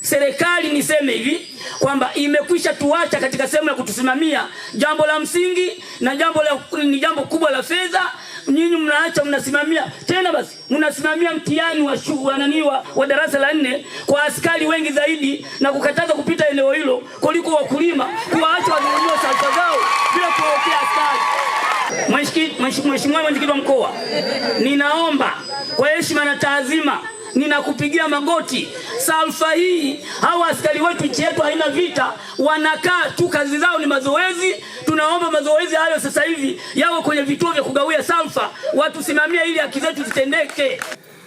serikali niseme hivi kwamba imekwisha tuacha katika sehemu ya kutusimamia jambo la msingi na jambo la, ni jambo kubwa la fedha. Nyinyi mnaacha mnasimamia tena, basi mnasimamia mtihani wa shughuli nani wa, wa darasa la nne kwa askari wengi zaidi na kukataza kupita eneo hilo kuliko wakulima kuwaacha wanunue salfa zao bila kuwaokea askari. Mheshimiwa mwenyekiti wa mkoa, ninaomba kwa heshima na taazima ninakupigia magoti. Salfa hii hawa askari wetu, nchi yetu haina vita, wanakaa tu, kazi zao ni mazoezi. Tunaomba mazoezi hayo sasa hivi yawe kwenye vituo vya kugawia salfa, watusimamie ili haki zetu zitendeke.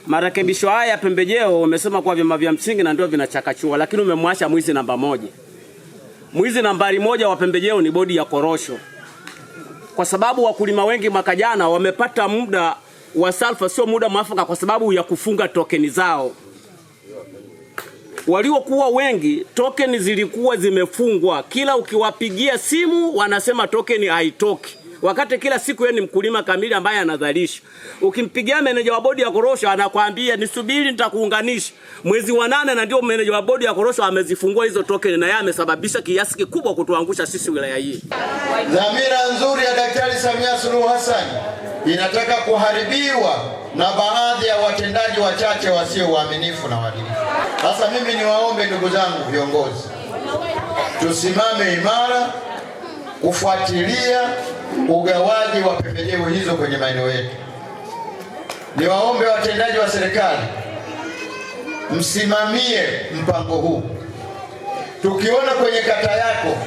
Marekebisho haya ya pembejeo umesema kwa vyama vya msingi na ndio vinachakachua, lakini umemwacha mwizi namba moja. Mwizi nambari moja wa pembejeo ni bodi ya korosho, kwa sababu wakulima wengi mwaka jana wamepata muda wa Salfa sio muda mwafaka kwa sababu ya kufunga tokeni zao. Waliokuwa wengi tokeni zilikuwa zimefungwa, kila ukiwapigia simu wanasema tokeni haitoki, wakati kila siku yeye ni mkulima kamili ambaye anazalisha. Ukimpigia meneja wa bodi ya korosho anakwambia nisubiri, nitakuunganisha mwezi wa nane, na ndio meneja wa bodi ya korosho amezifungua hizo tokeni, na yeye amesababisha kiasi kikubwa kutuangusha sisi wilaya hii. Dhamira nzuri ya Daktari Samia Suluhu Hassan inataka kuharibiwa na baadhi ya watendaji wachache wasio waaminifu na waadilifu. Sasa mimi niwaombe ndugu zangu viongozi, tusimame imara kufuatilia ugawaji wa pembejeo hizo kwenye maeneo yetu. Niwaombe watendaji wa serikali msimamie mpango huu. Tukiona kwenye kata yako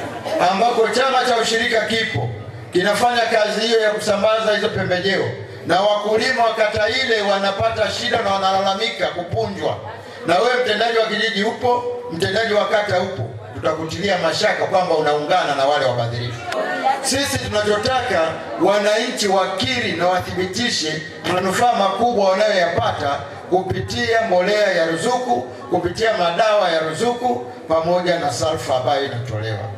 ambako chama cha ushirika kipo kinafanya kazi hiyo ya kusambaza hizo pembejeo, na wakulima wa kata ile wanapata shida na wanalalamika kupunjwa. Na wewe mtendaji wa kijiji upo, mtendaji wa kata upo, tutakutilia mashaka kwamba unaungana na wale wabadhirifu. Sisi tunachotaka wananchi wakiri na wathibitishe manufaa makubwa wanayoyapata kupitia mbolea ya ruzuku, kupitia madawa ya ruzuku pamoja na salfa ambayo inatolewa.